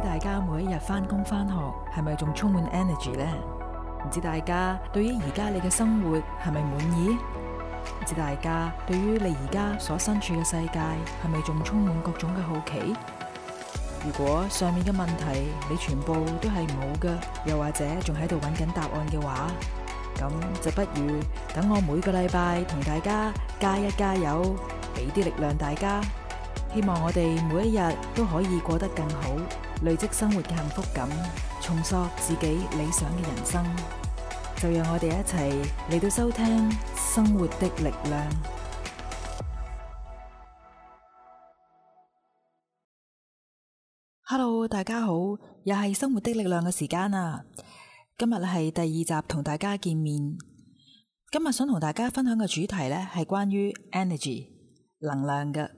大家每一日返工返學係咪仲充滿 energy 呢？唔知大家對於而家你嘅生活係咪滿意？唔知大家對於你而家所身處嘅世界係咪仲充滿各種嘅好奇？如果上面嘅問題你全部都係冇嘅，又或者仲喺度揾緊答案嘅話，咁就不如等我每個禮拜同大家加一加油，俾啲力量大家。希望我哋每一日都可以過得更好。累積生活嘅幸福感，重塑自己理想嘅人生，就讓我哋一齊嚟到收聽《生活的力量》。Hello，大家好，又係《生活的力量》嘅時間啦！今日係第二集同大家見面，今日想同大家分享嘅主題呢，係關於 energy 能量嘅。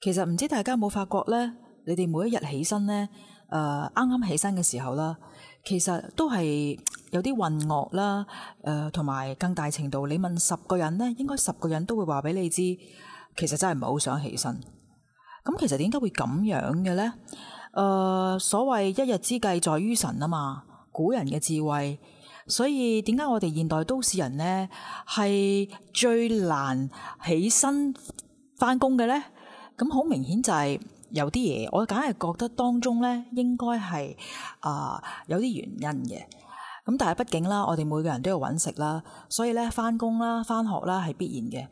其實唔知大家有冇發覺呢。你哋每一日起身咧，誒啱啱起身嘅時候啦，其實都係有啲混惡啦。誒同埋更大程度，你問十個人咧，應該十個人都會話俾你知，其實真係唔係好想起身。咁其實點解會咁樣嘅咧？誒、呃、所謂一日之計在於晨啊嘛，古人嘅智慧。所以點解我哋現代都市人咧係最難起身翻工嘅咧？咁好明顯就係、是。有啲嘢，我梗係覺得當中咧應該係啊有啲原因嘅。咁但係畢竟啦，我哋每個人都要搵食啦，所以咧返工啦、返學啦係必然嘅。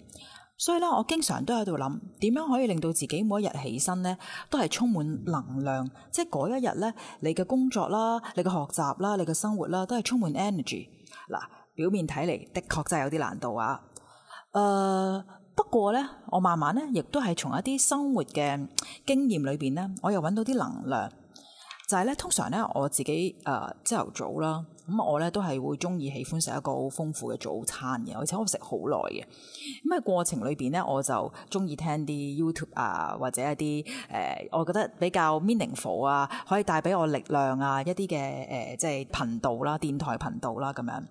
所以咧，我經常都喺度諗點樣可以令到自己每一日起身咧都係充滿能量，即係嗰一日咧你嘅工作啦、你嘅學習啦、你嘅生活啦都係充滿 energy。嗱，表面睇嚟的確真係有啲難度啊。誒、呃。不過咧，我慢慢咧，亦都係從一啲生活嘅經驗裏面咧，我又揾到啲能量，就係咧，通常咧我自己誒朝頭早啦。咁我咧都係會中意喜歡食一個好豐富嘅早餐嘅，而且我食好耐嘅。咁喺過程裏邊咧，我就中意聽啲 YouTube 啊，或者一啲誒、呃，我覺得比較 meaningful 啊，可以帶俾我力量啊，一啲嘅誒，即係頻道啦、電台頻道啦咁樣。誒、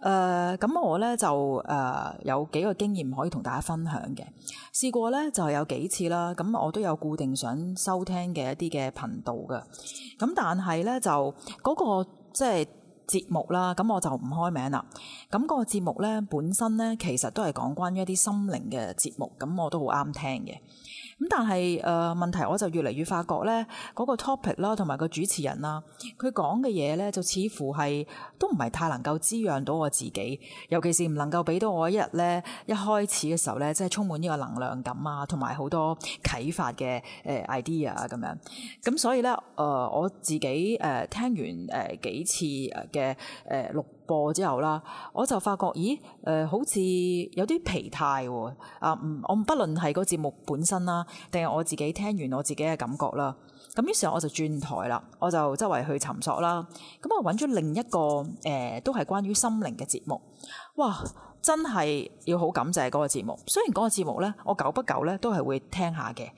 呃，咁我咧就誒、呃、有幾個經驗可以同大家分享嘅。試過咧就係有幾次啦，咁我都有固定想收聽嘅一啲嘅頻道嘅。咁但係咧就嗰、嗰個即係。節目啦，咁我就唔開名啦。咁個節目咧本身咧其實都係講關於一啲心靈嘅節目，咁我都好啱聽嘅。咁但係誒、呃、問題，我就越嚟越發覺咧，嗰、那個、topic 啦，同埋個主持人啦，佢講嘅嘢咧，就似乎係都唔係太能夠滋養到我自己，尤其是唔能夠俾到我一日咧一開始嘅時候咧，即係充滿呢個能量感啊，同埋好多啟發嘅、呃、idea 啊咁樣，咁所以咧誒、呃、我自己誒、呃、聽完、呃、幾次嘅誒、呃、錄播之後啦，我就發覺，咦，誒、呃，好似有啲疲態喎、啊。啊，唔，我不論係個節目本身啦，定係我自己聽完我自己嘅感覺啦。咁於是我就轉台啦，我就周圍去尋索啦。咁我揾咗另一個誒、呃，都係關於心靈嘅節目。哇，真係要好感謝嗰個節目。雖然嗰個節目呢，我久不久呢都係會聽下嘅。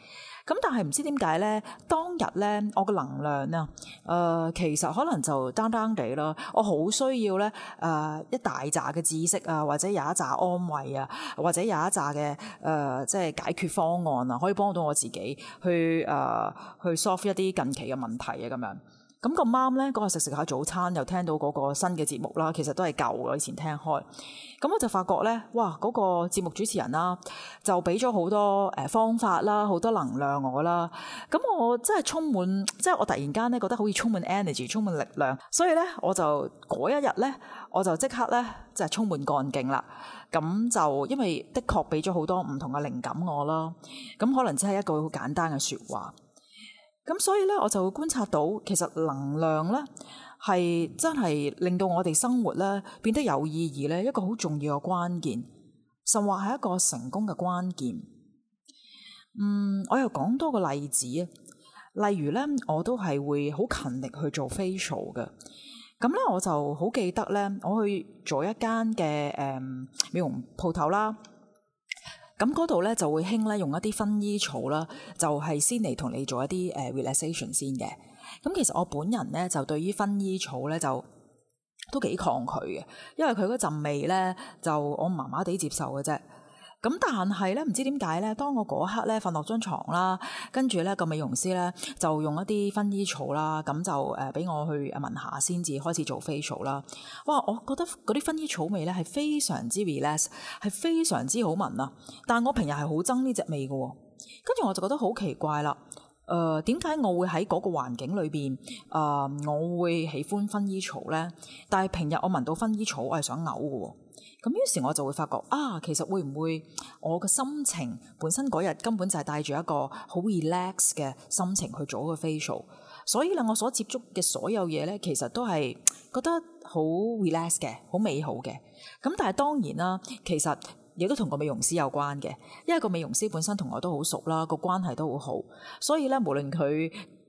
咁但係唔知點解咧？當日咧，我個能量啊，誒、呃，其實可能就單單地囉。我好需要咧，誒、呃，一大扎嘅知識啊，或者有一紮安慰啊，或者有一扎嘅誒，即、呃、係解決方案啊，可以幫到我自己去誒、呃，去 soft 一啲近期嘅問題啊，咁樣。咁個啱咧，嗰日食食下早餐，又聽到嗰個新嘅節目啦。其實都係舊嘅，以前聽開。咁我就發覺咧，哇！嗰個節目主持人啦，就俾咗好多誒方法啦，好多能量我啦。咁我真係充滿，即係我突然間咧覺得好似充滿 energy，充滿力量。所以咧，我就嗰一日咧，我就即刻咧就係充滿幹勁啦。咁就因為的確俾咗好多唔同嘅靈感我啦。咁可能只係一句好簡單嘅說話。咁所以咧，我就會觀察到，其實能量咧係真係令到我哋生活咧變得有意義咧，一個好重要嘅關鍵，甚或係一個成功嘅關鍵。嗯，我又講多個例子啊，例如咧，我都係會好勤力去做 facial 嘅。咁咧，我就好記得咧，我去做一間嘅誒美容鋪頭啦。咁嗰度咧就會興咧用一啲薰衣草啦，就係先嚟同你做一啲誒 relaxation 先嘅。咁其實我本人咧就對於薰衣草咧就都幾抗拒嘅，因為佢嗰陣味咧就我麻麻地接受嘅啫。咁但係咧，唔知點解咧？當我嗰刻咧瞓落張床啦，跟住咧個美容師咧就用一啲薰衣草啦，咁就誒俾、呃、我去聞下先至開始做 facial 啦。哇！我覺得嗰啲薰衣草味咧係非常之 relax，係非常之好聞啊！但我平日係好憎呢隻味㗎喎，跟住我就覺得好奇怪啦。誒點解我會喺嗰個環境裏面，誒、呃、我會喜歡薰衣草咧？但係平日我聞到薰衣草，我係想嘔嘅喎。咁於是我就會發覺啊，其實會唔會我嘅心情本身嗰日根本就係帶住一個好 relax 嘅心情去做個 facial，所以咧我所接觸嘅所有嘢咧，其實都係覺得好 relax 嘅，好美好嘅。咁但係當然啦，其實亦都同個美容師有關嘅，因為個美容師本身同我都好熟啦，個關係都好好，所以咧無論佢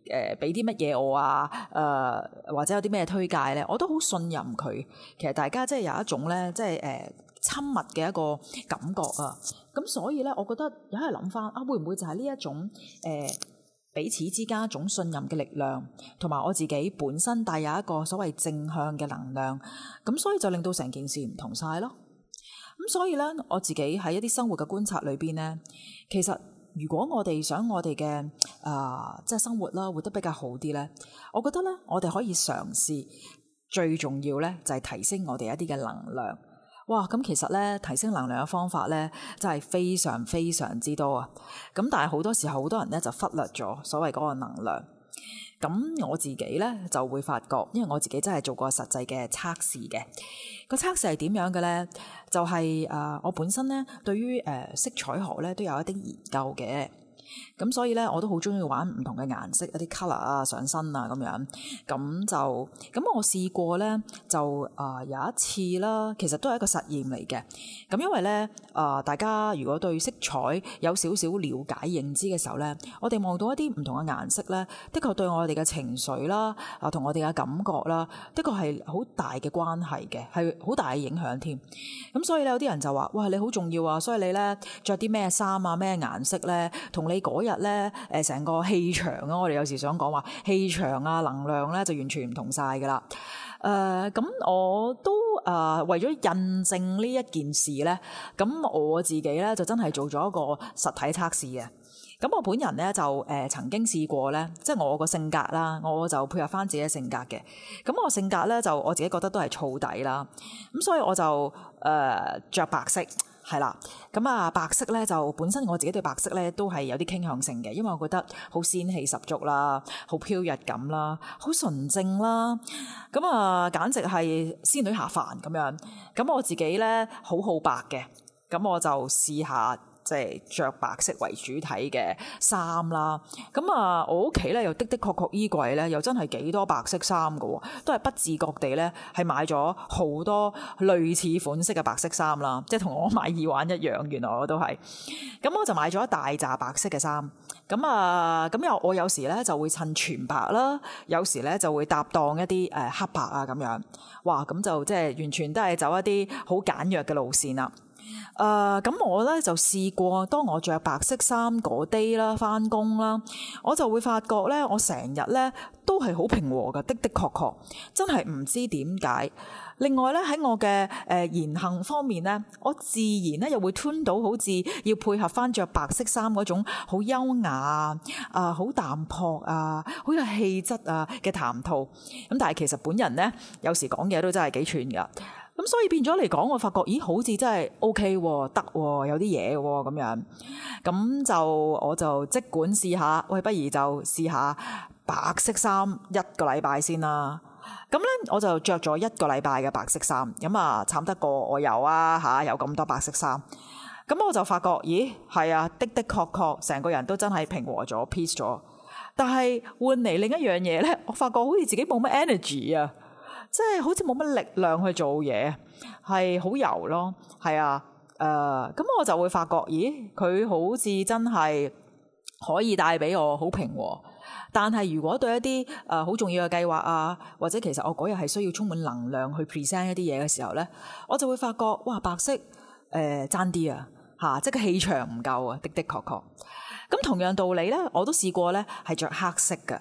誒俾啲乜嘢我啊？誒或者有啲咩推介咧？我都好信任佢。其實大家即係有一種咧，即係誒親密嘅一個感覺啊。咁所以咧，我覺得而家係諗翻啊，會唔會就係呢一種誒彼此之間一種信任嘅力量，同埋我自己本身帶有一個所謂正向嘅能量。咁所以就令到成件事唔同晒咯。咁所以咧，我自己喺一啲生活嘅觀察裏邊咧，其實如果我哋想我哋嘅啊，即、呃、係生活啦，活得比較好啲咧，我覺得咧，我哋可以嘗試最重要咧，就係提升我哋一啲嘅能量。哇！咁其實咧，提升能量嘅方法咧，真係非常非常之多啊！咁但係好多時候，好多人咧就忽略咗所謂嗰個能量。咁我自己咧就會發覺，因為我自己真係做過實際嘅測試嘅。個測試係點樣嘅咧？就係、是、誒、呃，我本身咧對於誒、呃、色彩學咧都有一啲研究嘅。咁所以咧，我都好中意玩唔同嘅顏色一啲 color 啊，上身啊咁樣。咁就咁我試過咧，就啊、呃、有一次啦，其實都係一個實驗嚟嘅。咁因為咧啊、呃，大家如果對色彩有少少了解、認知嘅時候咧，我哋望到一啲唔同嘅顏色咧，的確對我哋嘅情緒啦啊，同我哋嘅感覺啦，的確係好大嘅關係嘅，係好大嘅影響添。咁所以咧，有啲人就話：「哇，你好重要啊！所以你咧着啲咩衫啊，咩顏色咧，同你。嗰日咧，誒成個氣場啊！我哋有時想講話氣場啊，能量咧、啊、就完全唔同晒噶啦。誒、呃、咁我都誒、呃、為咗印證呢一件事咧，咁我自己咧就真係做咗一個實體測試嘅。咁我本人咧就誒、呃、曾經試過咧，即係我個性格啦，我就配合翻自己性格嘅。咁我性格咧就我自己覺得都係燥底啦。咁所以我就誒著、呃、白色。係啦，咁啊白色咧就本身我自己對白色咧都係有啲傾向性嘅，因為我覺得好仙氣十足啦，好飄逸感啦，好純正啦，咁啊簡直係仙女下凡咁樣。咁我自己咧好好白嘅，咁我就試下。即係著白色為主體嘅衫啦，咁啊，我屋企咧又的的確確衣櫃咧又真係幾多白色衫㗎，都係不自覺地咧係買咗好多類似款式嘅白色衫啦，即係同我買耳環一樣，原來我都係，咁我就買咗一大紮白色嘅衫，咁啊，咁又我有時咧就會襯全白啦，有時咧就會搭檔一啲誒黑白啊咁樣，哇，咁就即係完全都係走一啲好簡約嘅路線啦。誒、呃，咁我咧就試過，當我着白色衫嗰日啦，翻工啦，我就會發覺咧，我成日咧都係好平和嘅，的的確確，真係唔知點解。另外咧喺我嘅誒、呃、言行方面咧，我自然咧又會吞到好似要配合翻着白色衫嗰種好優雅啊，好、呃、淡泊啊，好有氣質啊嘅談吐。咁但係其實本人咧有時講嘢都真係幾串噶。咁所以變咗嚟講，我發覺，咦，好似真係 OK 喎，得喎、啊，有啲嘢喎咁樣。咁就我就即管試下，喂，不如就試下白色衫一個禮拜先啦。咁呢，我就着咗一個禮拜嘅白色衫，咁啊慘得過我有啊吓，有咁多白色衫。咁我就發覺，咦，係啊，的的確確成個人都真係平和咗，peace 咗。但係換嚟另一樣嘢呢，我發覺好似自己冇乜 energy 啊。即係好似冇乜力量去做嘢，係好油咯，係啊，誒、呃、咁我就會發覺，咦，佢好似真係可以帶俾我好平和，但係如果對一啲好、呃、重要嘅計劃啊，或者其實我嗰日係需要充滿能量去 present 一啲嘢嘅時候呢，我就會發覺，哇，白色誒爭啲啊，即係個氣場唔夠啊，的的確確。咁同樣道理呢，我都試過呢，係着黑色嘅。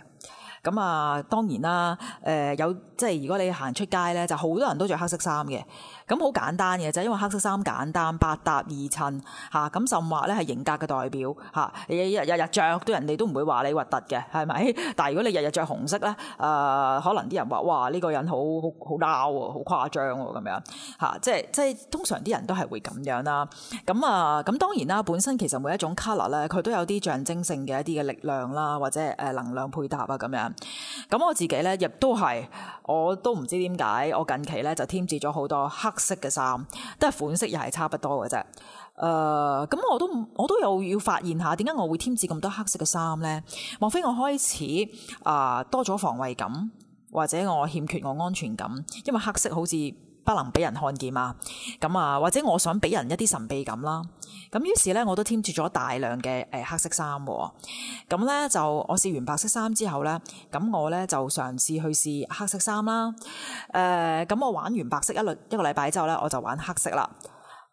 咁啊，當然啦，誒有即係如果你行出街咧，就好多人都着黑色衫嘅。咁好簡單嘅，就係因為黑色衫簡單，百搭二襯嚇。咁甚至咧係型格嘅代表嚇，日日日着到人哋都唔會話你核突嘅，係咪？但係如果你日日着紅色咧、呃，可能啲人話：哇，呢個人好好好撈喎，好誇張喎，咁樣嚇。即係即係通常啲人都係會咁樣啦。咁啊咁當然啦，本身其實每一種 colour 咧，佢都有啲象徵性嘅一啲嘅力量啦，或者誒能量配搭啊，咁樣。咁我自己咧亦都係，我都唔知點解，我近期咧就添置咗好多黑黑色嘅衫，都係款式又係差不多嘅啫。誒、呃，咁我都我都有要發現一下，點解我會添置咁多黑色嘅衫咧？莫非我開始啊、呃、多咗防衛感，或者我欠缺我安全感？因為黑色好似……不能俾人看見嘛，咁啊，或者我想俾人一啲神秘感啦，咁於是咧我都添置咗大量嘅誒黑色衫喎，咁咧就我試完白色衫之後咧，咁我咧就嘗試去試黑色衫啦，誒咁我玩完白色一輪一個禮拜之後咧，我就玩黑色啦，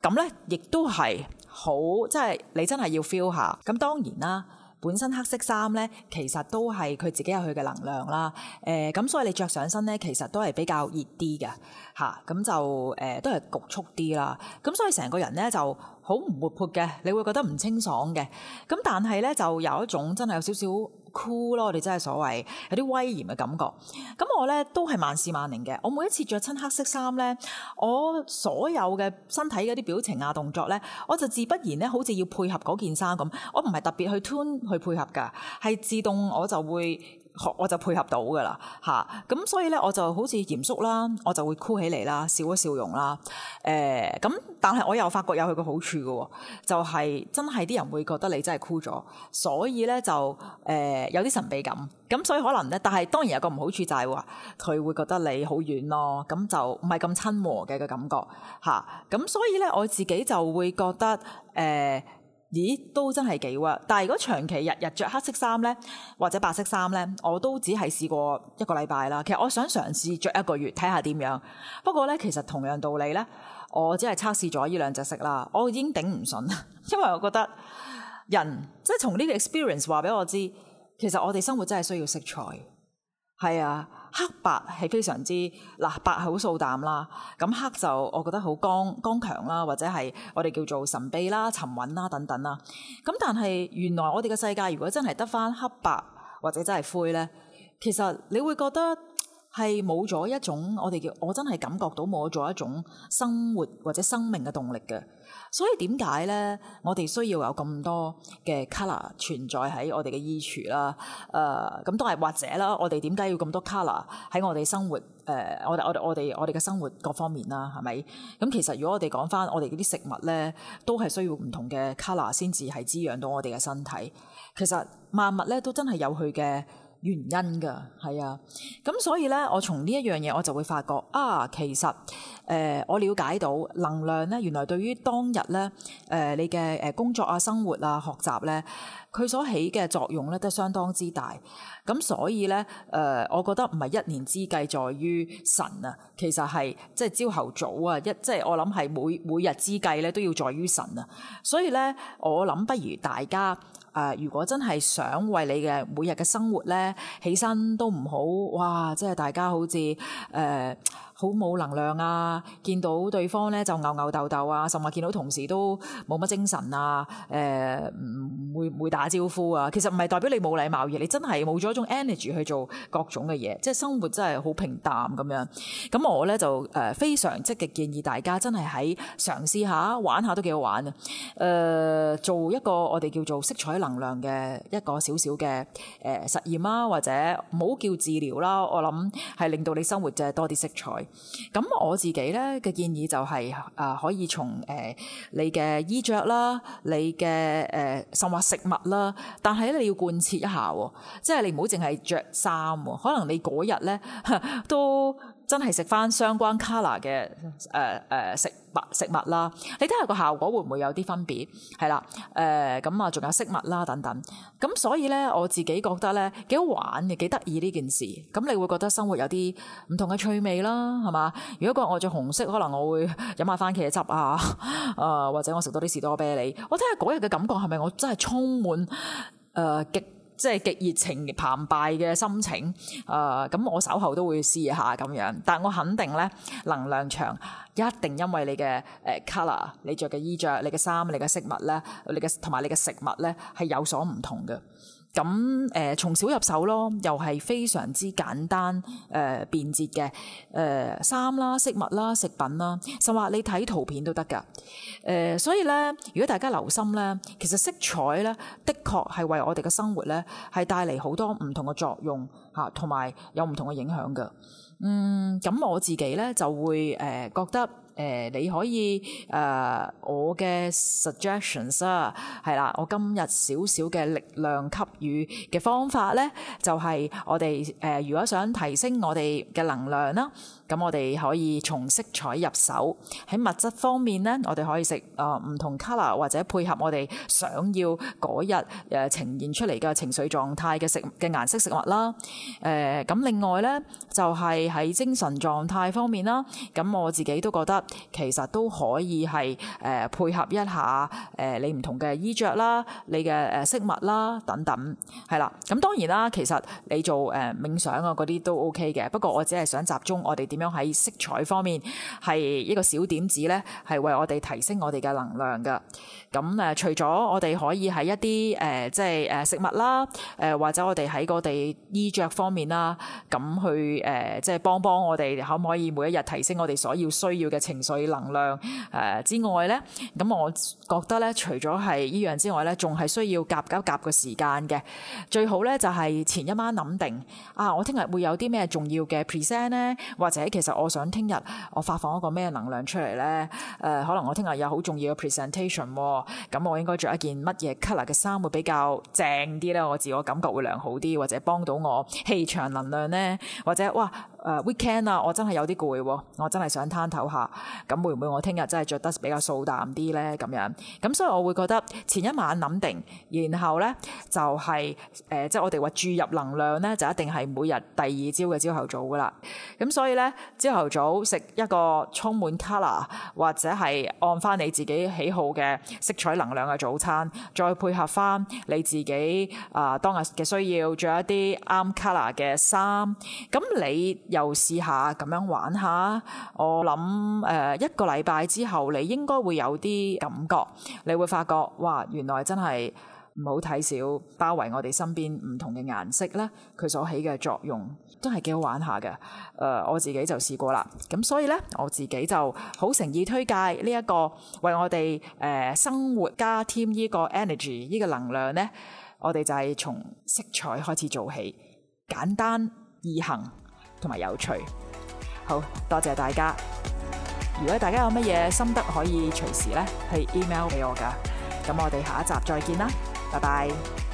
咁咧亦都係好，即係你真係要 feel 下，咁當然啦。本身黑色衫咧，其實都係佢自己有佢嘅能量啦。誒，咁所以你着上身咧，其實都係比較熱啲嘅，嚇。咁就誒，都係局促啲啦。咁所以成個人咧就好唔活潑嘅，你會覺得唔清爽嘅。咁但係咧，就有一種真係有少少。酷咯，我哋真係所謂有啲威嚴嘅感覺。咁我咧都係萬試萬靈嘅。我每一次着親黑色衫咧，我所有嘅身體嗰啲表情啊動作咧，我就自不然咧，好似要配合嗰件衫咁。我唔係特別去 tune 去配合噶，係自動我就會。我我就配合到噶啦，吓，咁所以咧，我就好似嚴肅啦，我就會箍起嚟啦，笑一笑容啦，誒、呃、咁，但係我又發覺有佢個好處嘅，就係、是、真係啲人會覺得你真係箍咗，所以咧就誒、呃、有啲神秘感，咁所以可能咧，但係當然有個唔好處就係話佢會覺得你好遠咯，咁就唔係咁親和嘅個感覺吓，咁、呃、所以咧我自己就會覺得誒。呃咦，都真係幾喎！但係如果長期日日着黑色衫呢，或者白色衫呢，我都只係試過一個禮拜啦。其實我想嘗試着一個月睇下點樣。不過呢，其實同樣道理呢，我只係測試咗呢兩隻色啦。我已經頂唔順，因為我覺得人即係、就是、從呢個 experience 話俾我知，其實我哋生活真係需要色彩。係啊。黑白係非常之嗱，白好素淡啦，咁黑就我覺得好剛剛強啦，或者係我哋叫做神秘啦、沉穩啦等等啦。咁但係原來我哋嘅世界，如果真係得返黑白或者真係灰咧，其實你會覺得。係冇咗一種，我哋叫我真係感覺到冇咗一種生活或者生命嘅動力嘅。所以點解咧？我哋需要有咁多嘅 colour 存在喺我哋嘅衣櫥啦、啊。誒、呃，咁都係或者啦。我哋點解要咁多 colour 喺我哋生活？誒、呃，我我我哋我哋嘅生活各方面啦、啊，係咪？咁其實如果我哋講翻我哋嗰啲食物咧，都係需要唔同嘅 colour 先至係滋養到我哋嘅身體。其實萬物咧都真係有佢嘅。原因㗎，係啊，咁所以咧，我從呢一樣嘢，我就會發覺啊，其實誒、呃，我了解到能量咧，原來對於當日咧，誒、呃、你嘅誒工作啊、生活啊、學習咧，佢所起嘅作用咧，都相當之大。咁所以咧，誒、呃，我覺得唔係一年之計在於晨啊，其實係即係朝頭早啊，一即係、就是、我諗係每每日之計咧，都要在於晨啊。所以咧，我諗不如大家。誒，如果真係想為你嘅每日嘅生活咧，起身都唔好，哇！即係大家好似誒。呃好冇能量啊！見到對方咧就吽吽豆豆啊，甚至見到同事都冇乜精神啊，誒、呃、唔會唔會打招呼啊？其實唔係代表你冇禮貌嘅，你真係冇咗一種 energy 去做各種嘅嘢，即係生活真係好平淡咁樣，咁我咧就誒非常積極建議大家真係喺嘗試下玩下都幾好玩啊！誒、呃、做一個我哋叫做色彩能量嘅一個小小嘅誒實驗啦、啊，或者唔好叫治療啦、啊，我諗係令到你生活就係多啲色彩。咁我自己咧嘅建議就係誒可以從誒你嘅衣着啦，你嘅誒、呃、甚或食物啦，但係咧你要貫徹一下，即係你唔好淨係着衫，可能你嗰日咧都。真係食翻相關 colour 嘅食物食物啦，你睇下個效果會唔會有啲分別？係啦，咁、呃、啊，仲有飾物啦等等。咁所以咧，我自己覺得咧幾好玩，嘅幾得意呢件事。咁你會覺得生活有啲唔同嘅趣味啦，係嘛？如果今日我著紅色，可能我會飲下番茄汁啊，或者我食多啲士多啤梨。我睇下嗰日嘅感覺係咪我真係充滿誒、呃、極。即係極熱情澎湃嘅心情，誒、呃、咁我稍後都會試下咁樣，但我肯定咧，能量場一定因為你嘅誒 color 你着嘅衣着、你嘅衫、你嘅飾物咧，你嘅同埋你嘅食物咧係有所唔同嘅。咁誒從小入手咯，又係非常之簡單誒、呃、便捷嘅誒衫啦、飾物啦、食品啦，就話你睇圖片都得㗎誒。所以咧，如果大家留心咧，其實色彩咧，的確係為我哋嘅生活咧，係帶嚟好多唔同嘅作用。嚇、啊，有有同埋有唔同嘅影響㗎。嗯，咁我自己咧就會誒、呃、覺得誒、呃、你可以誒、呃、我嘅 suggestions 啦、啊，係啦，我今日少少嘅力量給予嘅方法咧，就係、是、我哋誒、呃、如果想提升我哋嘅能量啦，咁我哋可以從色彩入手。喺物質方面咧，我哋可以食啊唔同 color 或者配合我哋想要嗰日誒呈現出嚟嘅情緒狀態嘅食嘅顏色食物啦。誒、呃、咁另外咧，就係、是、喺精神狀態方面啦。咁我自己都覺得其實都可以係誒、呃、配合一下誒、呃、你唔同嘅衣着啦、你嘅誒、呃、飾物啦等等，係啦。咁當然啦，其實你做誒、呃、冥想啊嗰啲都 OK 嘅。不過我只係想集中我哋點樣喺色彩方面係一個小點子咧，係為我哋提升我哋嘅能量㗎。咁、呃、誒，除咗我哋可以喺一啲誒、呃、即係誒食物啦，誒、呃、或者我哋喺我哋衣着。方面啦，咁去即係、呃即係、幫幫我哋，可唔可以每一日提升我哋所要需要嘅情緒能量、呃、之外咧，咁我覺得咧，除咗係依樣之外咧，仲係需要夾夾夾嘅時間嘅。最好咧就係、係、前一晚諗定啊，我聽日會有啲咩重要嘅 present 咧，或者其實我想聽日我發放一個咩能量出嚟咧、呃？可能我聽日有好重要嘅 presentation，咁我應該着一件乜嘢 color 嘅衫會比較正啲咧？我自我感覺會良好啲，或者幫到我。氣場能量咧，或者哇！誒、uh, weekend 啊！我真係有啲攰，啊，我真係想攤頭下，咁會唔會我聽日真係着得比較素淡啲咧？咁樣咁，所以我會覺得前一晚諗定，然後咧就係、誒、即係我哋話注入能量咧，就一定係每日第二朝嘅朝頭早噶啦。咁所以咧，朝頭早食一個充滿 colour 或者係按翻你自己喜好嘅色彩能量嘅早餐，再配合翻你自己啊、呃、當日嘅需要，着一啲啱 colour 嘅衫。咁你又試下咁樣玩下，我諗誒、呃、一個禮拜之後，你應該會有啲感覺，你會發覺哇，原來真係唔好睇少包圍我哋身邊唔同嘅顏色咧，佢所起嘅作用真係幾好玩下嘅。誒、呃，我自己就試過啦，咁所以呢，我自己就好誠意推介呢、這、一個為我哋誒、呃、生活加添呢個 energy 呢個能量呢，我哋就係從色彩開始做起，簡單易行。同埋有趣，好多謝大家！如果大家有乜嘢心得，可以隨時咧去 email 俾我噶。咁我哋下一集再見啦，拜拜。